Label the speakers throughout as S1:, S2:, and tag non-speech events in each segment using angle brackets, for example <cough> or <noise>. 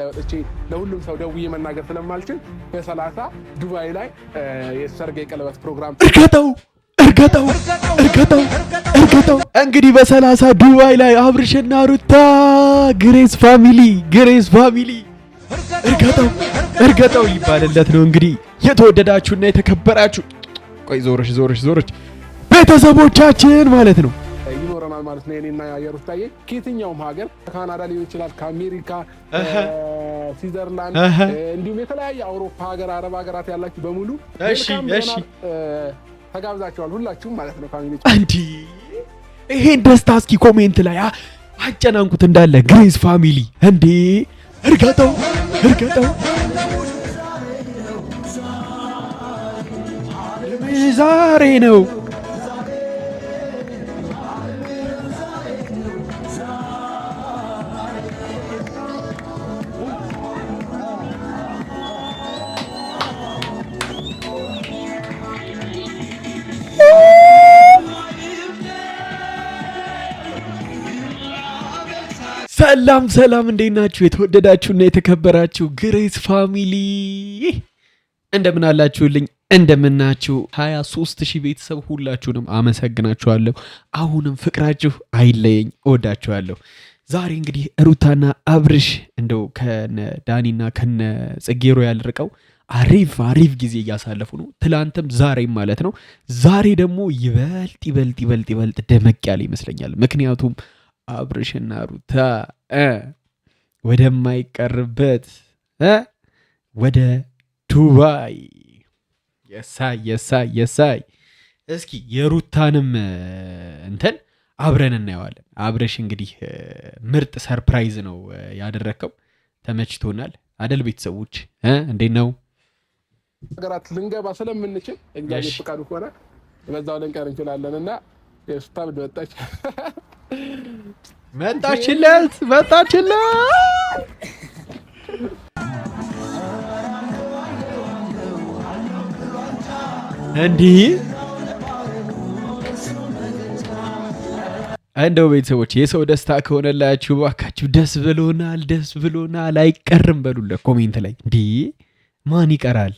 S1: ላይ ወጥቼ ለሁሉም ሰው ደውዬ መናገር ስለማልችል በሰላሳ ዱባይ ላይ የሰርግ የቀለበት ፕሮግራም እርገጠው እርገጠው እርገጠው እርገጠው እንግዲህ በሰላሳ ዱባይ ላይ አብርሽና ሩታ ግሬስ ፋሚሊ ግሬስ ፋሚሊ እርገጠው እርገጠው ይባልለት ነው። እንግዲህ የተወደዳችሁና የተከበራችሁ ቆይ ዞረሽ ዞረሽ ዞረች ቤተሰቦቻችን ማለት ነው ማለት ነው። የኔና የሩታዬ ከየትኛውም ሀገር ከካናዳ ሊሆን ይችላል፣ ከአሜሪካ፣ ስዊዘርላንድ እንዲሁም የተለያየ አውሮፓ ሀገር፣ አረብ ሀገራት ያላችሁ በሙሉ ተጋብዛችኋል። ሁላችሁም ማለት ነው ፋሚሊ እንዲ ይሄን ደስታ እስኪ ኮሜንት ላይ አጨናንቁት እንዳለ ግሬስ ፋሚሊ እንዴ እርገጠው እርገጠው ዛሬ ነው ሰላም ሰላም፣ እንዴት ናችሁ? የተወደዳችሁና የተከበራችሁ ግሬስ ፋሚሊ እንደምን አላችሁልኝ? እንደምናችሁ 23 ሺህ ቤተሰብ ሁላችሁንም አመሰግናችኋለሁ። አሁንም ፍቅራችሁ አይለየኝ፣ እወዳችኋለሁ። ዛሬ እንግዲህ ሩታና አብርሽ እንደው ከነ ዳኒና ከነ ጽጌሮ ያልርቀው አሪፍ አሪፍ ጊዜ እያሳለፉ ነው። ትላንትም ዛሬም ማለት ነው። ዛሬ ደግሞ ይበልጥ ይበልጥ ይበልጥ ይበልጥ ደመቅ ያለ ይመስለኛል። ምክንያቱም አብርሽና ሩታ ወደማይቀርበት ወደ ዱባይ የሳይ የሳይ የሳይ። እስኪ የሩታንም እንትን አብረን እናየዋለን። አብረሽ እንግዲህ ምርጥ ሰርፕራይዝ ነው ያደረከው፣ ተመችቶናል አደል? ቤተሰቦች እንዴት ነው ሀገራት ልንገባ ስለምንችል እኛ ፍቃዱ ከሆነ በዛው ልንቀር እንችላለን እና የሩታ ብድ መጣችለት መጣችለት። እንዲህ እንደው ቤተሰቦች የሰው ደስታ ከሆነላችሁ ባካችሁ ደስ ብሎናል፣ ደስ ብሎናል አይቀርም በሉለት ኮሜንት ላይ እንዲህ ማን ይቀራል?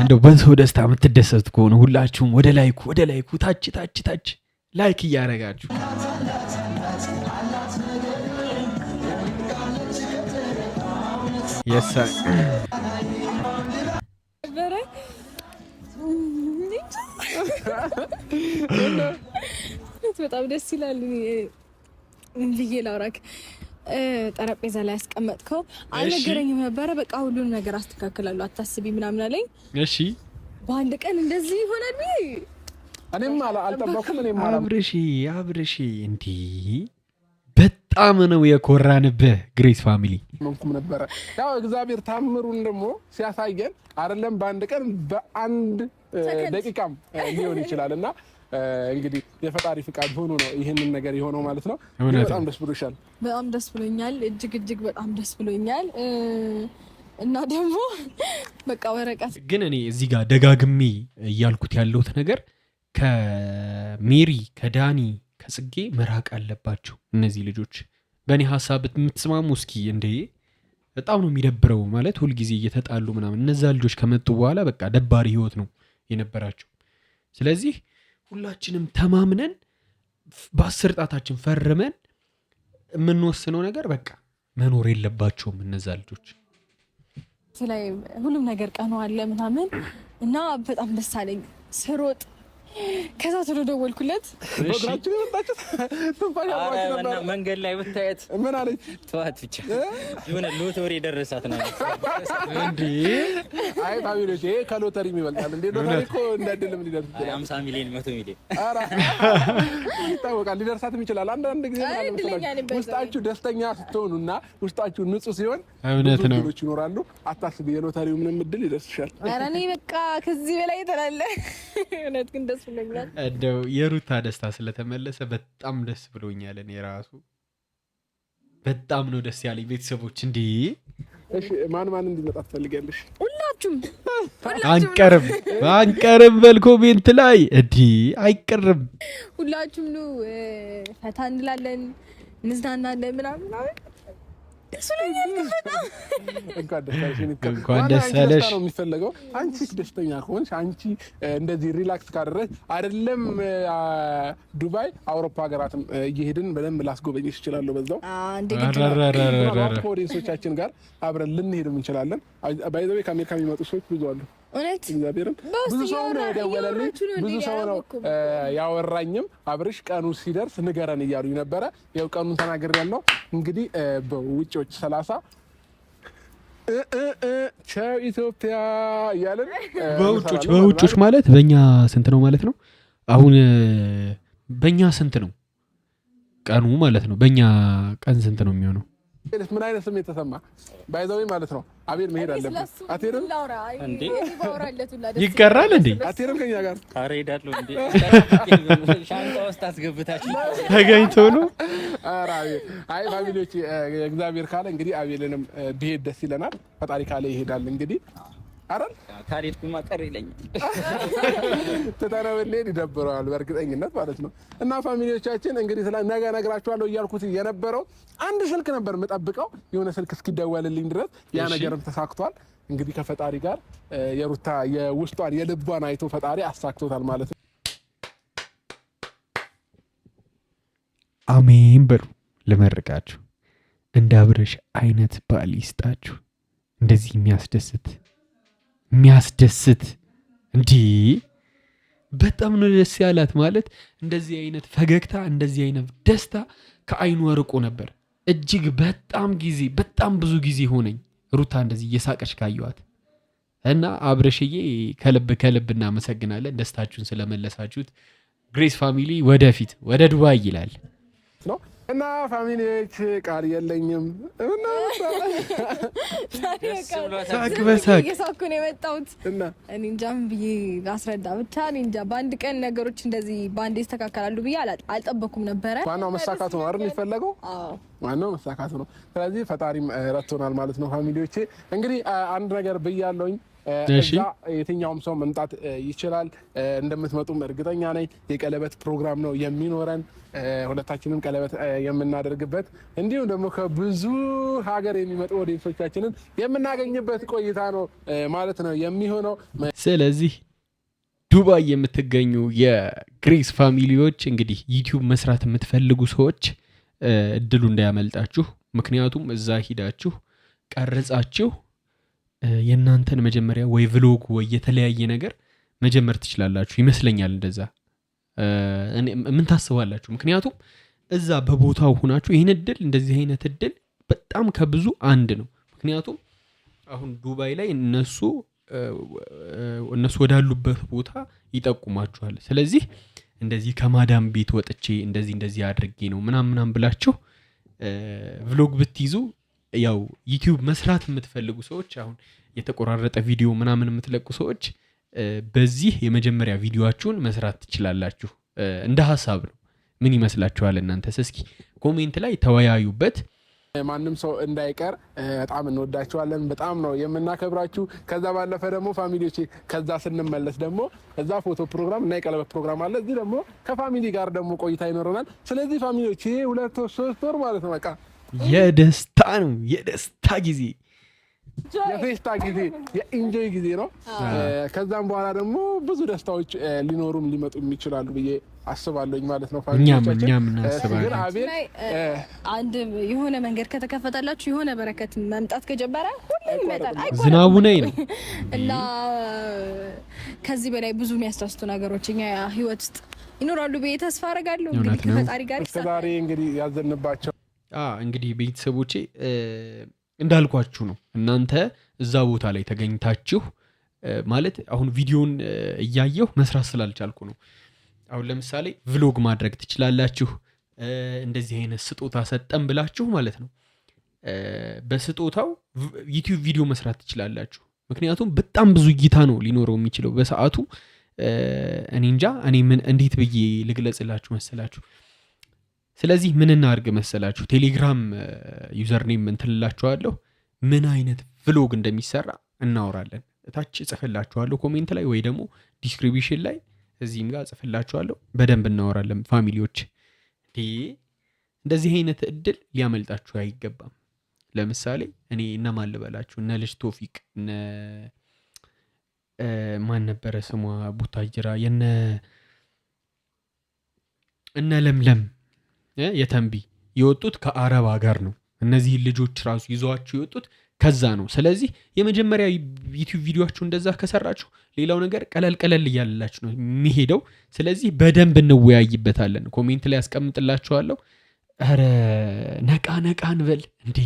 S1: እንደው በሰው ደስታ የምትደሰት ከሆነ ሁላችሁም ወደ ላይኩ ወደ ላይኩ ታች ታች ታች ላይክ እያደረጋችሁ
S2: <laughs> በጣም ደስ ይላል። ምን ልዬ ላውራክ? ጠረጴዛ ላይ ያስቀመጥከው አልነገረኝም ነበረ። በቃ ሁሉን ነገር አስተካክላለሁ አታስቢ ምናምን አለኝ። እሺ በአንድ ቀን እንደዚህ ይሆናል
S1: እኔም አልጠበኩም። እኔም አብርሽ አብርሽ እንዲህ በጣም ነው የኮራንብህ። ግሬስ ፋሚሊ መንኩም ነበረ ያው እግዚአብሔር ታምሩን ደግሞ ሲያሳየን አይደለም በአንድ ቀን በአንድ ደቂቃም ሊሆን ይችላል እና እንግዲህ የፈጣሪ ፍቃድ ሆኖ ነው ይህንን ነገር የሆነው ማለት ነው። በጣም ደስ ብሎሻል?
S2: በጣም ደስ ብሎኛል። እጅግ እጅግ በጣም ደስ ብሎኛል። እና ደግሞ በቃ ወረቀት
S1: ግን እኔ እዚህ ጋር ደጋግሜ እያልኩት ያለሁት ነገር ከሜሪ ከዳኒ ከጽጌ መራቅ አለባቸው እነዚህ ልጆች። በእኔ ሀሳብ የምትስማሙ እስኪ? እንደ በጣም ነው የሚደብረው ማለት ሁልጊዜ እየተጣሉ ምናምን። እነዛ ልጆች ከመጡ በኋላ በቃ ደባሪ ህይወት ነው የነበራቸው። ስለዚህ ሁላችንም ተማምነን በአስር ጣታችን ፈርመን የምንወስነው ነገር በቃ መኖር የለባቸውም እነዛ ልጆች።
S2: ላይ ሁሉም ነገር ቀኗ አለ ምናምን እና በጣም ደስ አለኝ ስሮጥ ከዛ ቶሎ ደወልኩለት።
S3: መንገድ ላይ ብታየት ምን አለኝ? ተዋት ብቻ የሆነ ሎተሪ ደረሳት ነው
S1: እንዴ? አይ ፋሚሊዎች፣ ይሄ ከሎተሪ ይበልጣል እንዴ? ሎተሪ እኮ እንዳይደለም ሊደርስ
S3: ይችላል። አምሳ ሚሊዮን መቶ ሚሊዮን
S1: ይታወቃል። ሊደርሳትም ይችላል። አንዳንድ ጊዜ ውስጣችሁ ደስተኛ ስትሆኑ እና ውስጣችሁ ንጹህ ሲሆን እምነት ነው ይኖራሉ። አታስብ፣ የሎተሪው ምንም እድል ይደርስሻል።
S2: ኧረ እኔ በቃ ከዚህ በላይ ትላለህ። እውነት ግን ደስ
S1: እንደው የሩታ ደስታ ስለተመለሰ በጣም ደስ ብሎኛል። እኔ ራሱ በጣም ነው ደስ ያለኝ። ቤተሰቦች እንዲህ ማን ማን እንዲመጣ ትፈልጋለሽ? ሁላችሁም አንቀርም አንቀርም በል ኮሜንት ላይ እንዲህ አይቀርም።
S2: ሁላችሁም ነው ፈታ እንላለን፣ እንዝናናለን ምናምን
S1: እንኳን ደስ ያለሽ ነው የሚፈለገው። አንቺ ደስተኛ ከሆንሽ አንቺ እንደዚህ ሪላክስ ካደረግሽ አይደለም ዱባይ፣ አውሮፓ ሀገራትም እየሄድን በደንብ ላስጎበኝሽ እችላለሁ። በዛው ከኦዲየንሶቻችን ጋር አብረን ልንሄድም እንችላለን። ባይ ዘ ወይ ከአሜሪካ የሚመጡ ሰዎች ብዙ አሉ። እግዚአብሔርን
S2: ብዙ ሰው ነው የደወለልኝ፣ ብዙ ሰው ነው
S1: ያወራኝም። አብርሽ ቀኑ ሲደርስ ንገረን እያሉኝ ነበረ። ያው ቀኑን ተናግሬያለሁ። እንግዲህ በውጭዎች ሰላሳ ቻው ኢትዮጵያ እያለን በውጮች በውጮች ማለት በእኛ ስንት ነው ማለት ነው? አሁን በእኛ ስንት ነው ቀኑ ማለት ነው? በእኛ ቀን ስንት ነው የሚሆነው? ምን አይነት ስሜት ተሰማ? ባይዛዊ ማለት ነው። አቤል መሄድ አለብን። አቴርም ይቀራል እንዴ? አቴርም ከኛ ጋር
S3: ሄዳለሁ። <laughs> ሻንጣ ውስጥ አስገብታችሁ
S1: ተገኝቶ ነው አይ ፋሚሊዎች እግዚአብሔር ካለ እንግዲህ አቤልንም ቢሄድ ደስ ይለናል። ፈጣሪ ካለ ይሄዳል እንግዲህ አረን
S3: ካልሄድኩማ ቀር ይለኛል።
S1: ትተነው ይደብረዋል በእርግጠኝነት ማለት ነው። እና ፋሚሊዎቻችን እንግዲህ ነገ እነግራችኋለሁ እያልኩት የነበረው አንድ ስልክ ነበር የምጠብቀው የሆነ ስልክ እስኪደወልልኝ ድረስ ያ ነገርም ተሳክቷል። እንግዲህ ከፈጣሪ ጋር የሩታ የውስጧን የልቧን አይቶ ፈጣሪ አሳክቶታል ማለት ነው። አሜን በሉ። ልመርቃችሁ። እንደ አብረሽ አይነት ባል ይስጣችሁ። እንደዚህ የሚያስደስት የሚያስደስት እንዲህ በጣም ነው ደስ ያላት። ማለት እንደዚህ አይነት ፈገግታ፣ እንደዚህ አይነት ደስታ ከአይኑ ርቆ ነበር። እጅግ በጣም ጊዜ በጣም ብዙ ጊዜ ሆነኝ ሩታ እንደዚህ እየሳቀች ካየዋት እና አብረሽዬ ከልብ ከልብ እናመሰግናለን። ደስታችሁን ስለመለሳችሁት። ግሬስ ፋሚሊ ወደፊት ወደ ዱባይ ይላል። እና ፋሚሊዎች ቃል የለኝም። ሳቅ በሳቅ
S2: እየሳኩ ነው የመጣሁት። እኔ እንጃ ብዬ አስረዳ። ብቻ እኔ እንጃ በአንድ ቀን ነገሮች እንደዚህ በአንድ ይስተካከላሉ ብዬ አልጠበኩም ነበረ።
S1: ዋናው መሳካቱ ነው አይደል የሚፈለገው? ዋናው መሳካቱ ነው። ስለዚህ ፈጣሪም ረቶናል ማለት ነው። ፋሚሊዎቼ እንግዲህ አንድ ነገር ብያለሁኝ እዛ የትኛውም ሰው መምጣት ይችላል። እንደምትመጡም እርግጠኛ ነኝ። የቀለበት ፕሮግራም ነው የሚኖረን ሁለታችንም ቀለበት የምናደርግበት እንዲሁም ደግሞ ከብዙ ሀገር የሚመጡ ወደቶቻችንን የምናገኝበት ቆይታ ነው ማለት ነው የሚሆነው። ስለዚህ ዱባይ የምትገኙ የግሬስ ፋሚሊዎች እንግዲህ ዩቲዩብ መስራት የምትፈልጉ ሰዎች እድሉ እንዳያመልጣችሁ። ምክንያቱም እዛ ሂዳችሁ ቀርጻችሁ የእናንተን መጀመሪያ ወይ ቭሎግ ወይ የተለያየ ነገር መጀመር ትችላላችሁ ይመስለኛል። እንደዛ ምን ታስባላችሁ? ምክንያቱም እዛ በቦታው ሁናችሁ ይህን እድል እንደዚህ አይነት እድል በጣም ከብዙ አንድ ነው። ምክንያቱም አሁን ዱባይ ላይ እነሱ እነሱ ወዳሉበት ቦታ ይጠቁማችኋል። ስለዚህ እንደዚህ ከማዳም ቤት ወጥቼ እንደዚህ እንደዚህ አድርጌ ነው ምናም ምናም ብላችሁ ቭሎግ ብትይዙ ያው ዩቲዩብ መስራት የምትፈልጉ ሰዎች አሁን የተቆራረጠ ቪዲዮ ምናምን የምትለቁ ሰዎች በዚህ የመጀመሪያ ቪዲዮችሁን መስራት ትችላላችሁ። እንደ ሀሳብ ነው። ምን ይመስላችኋል እናንተ እስኪ ኮሜንት ላይ ተወያዩበት። ማንም ሰው እንዳይቀር በጣም እንወዳችኋለን። በጣም ነው የምናከብራችሁ። ከዛ ባለፈ ደግሞ ፋሚሊዎች፣ ከዛ ስንመለስ ደግሞ እዛ ፎቶ ፕሮግራም እና የቀለበት ፕሮግራም አለ። እዚህ ደግሞ ከፋሚሊ ጋር ደግሞ ቆይታ ይኖረናል። ስለዚህ ፋሚሊዎች ይሄ ሁለት ሶስት ወር ማለት ነው በቃ የደስታ ነው። የደስታ ጊዜ የፌስታ ጊዜ የኢንጆይ ጊዜ ነው። ከዛም በኋላ ደግሞ ብዙ ደስታዎች ሊኖሩም ሊመጡ ይችላሉ ብዬ አስባለኝ ማለት ነው።
S2: አንድ የሆነ መንገድ ከተከፈተላችሁ የሆነ በረከት መምጣት ከጀመረ ሁሉም ይመጣል።
S1: ዝናቡ ነይ ነው
S2: እና ከዚህ በላይ ብዙ የሚያስደስቱ ነገሮች እኛ ህይወት ውስጥ ይኖራሉ ብዬ ተስፋ አደርጋለሁ። እንግዲህ ከፈጣሪ ጋር
S1: ዛሬ እንግዲህ ያዘንባቸው እንግዲህ ቤተሰቦቼ እንዳልኳችሁ ነው። እናንተ እዛ ቦታ ላይ ተገኝታችሁ ማለት አሁን ቪዲዮን እያየሁ መስራት ስላልቻልኩ ነው። አሁን ለምሳሌ ቭሎግ ማድረግ ትችላላችሁ። እንደዚህ አይነት ስጦታ ሰጠን ብላችሁ ማለት ነው። በስጦታው ዩቲዩብ ቪዲዮ መስራት ትችላላችሁ። ምክንያቱም በጣም ብዙ እይታ ነው ሊኖረው የሚችለው በሰዓቱ። እኔ እንጃ እኔ ምን እንዴት ብዬ ልግለጽላችሁ መሰላችሁ ስለዚህ ምን እናርግ መሰላችሁ ቴሌግራም ዩዘርኔም እንትልላችኋለሁ ምን አይነት ቭሎግ እንደሚሰራ እናወራለን እታች ጽፍላችኋለሁ ኮሜንት ላይ ወይ ደግሞ ዲስክሪቢሽን ላይ እዚህም ጋር ጽፍላችኋለሁ በደንብ እናወራለን ፋሚሊዎች እንደዚህ አይነት እድል ሊያመልጣችሁ አይገባም ለምሳሌ እኔ እነማን ልበላችሁ እነ ልጅ ቶፊቅ እነ ማን ነበረ ስሟ ቡታጅራ የነ እነ ለምለም የተንቢ የወጡት ከአረብ ሀገር ነው። እነዚህን ልጆች ራሱ ይዘዋቸው የወጡት ከዛ ነው። ስለዚህ የመጀመሪያ ዩቲዩብ ቪዲዮችሁ እንደዛ ከሰራችሁ ሌላው ነገር ቀለል ቀለል እያላችሁ ነው የሚሄደው። ስለዚህ በደንብ እንወያይበታለን። ኮሜንት ላይ ያስቀምጥላችኋለሁ። ኧረ ነቃ ነቃ እንበል እንዴ!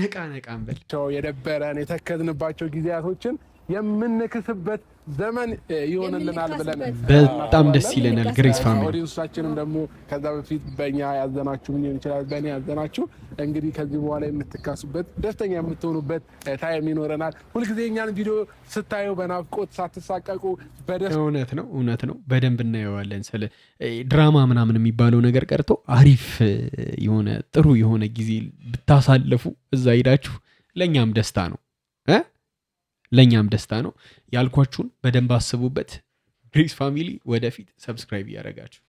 S1: ነቃ ነቃ እንበል የነበረን የተከዝንባቸው ጊዜያቶችን የምንክስበት ዘመን ይሆንልናል ብለን በጣም ደስ ይለናል። ግሬስ ፋሚሊ ኦዲንሳችንም ደግሞ ከዛ በፊት በእኛ ያዘናችሁ ሊሆን ይችላል፣ በእኔ ያዘናችሁ እንግዲህ ከዚህ በኋላ የምትካሱበት ደስተኛ የምትሆኑበት ታይም ይኖረናል። ሁልጊዜ እኛን ቪዲዮ ስታየው በናፍቆት ሳትሳቀቁ በደስ እውነት ነው እውነት ነው በደንብ እናየዋለን። ስለ ድራማ ምናምን የሚባለው ነገር ቀርቶ አሪፍ የሆነ ጥሩ የሆነ ጊዜ ብታሳልፉ እዛ ሄዳችሁ ለእኛም ደስታ ነው። ለእኛም ደስታ ነው። ያልኳችሁን በደንብ አስቡበት። ግሬስ ፋሚሊ ወደፊት ሰብስክራይብ እያደረጋችሁ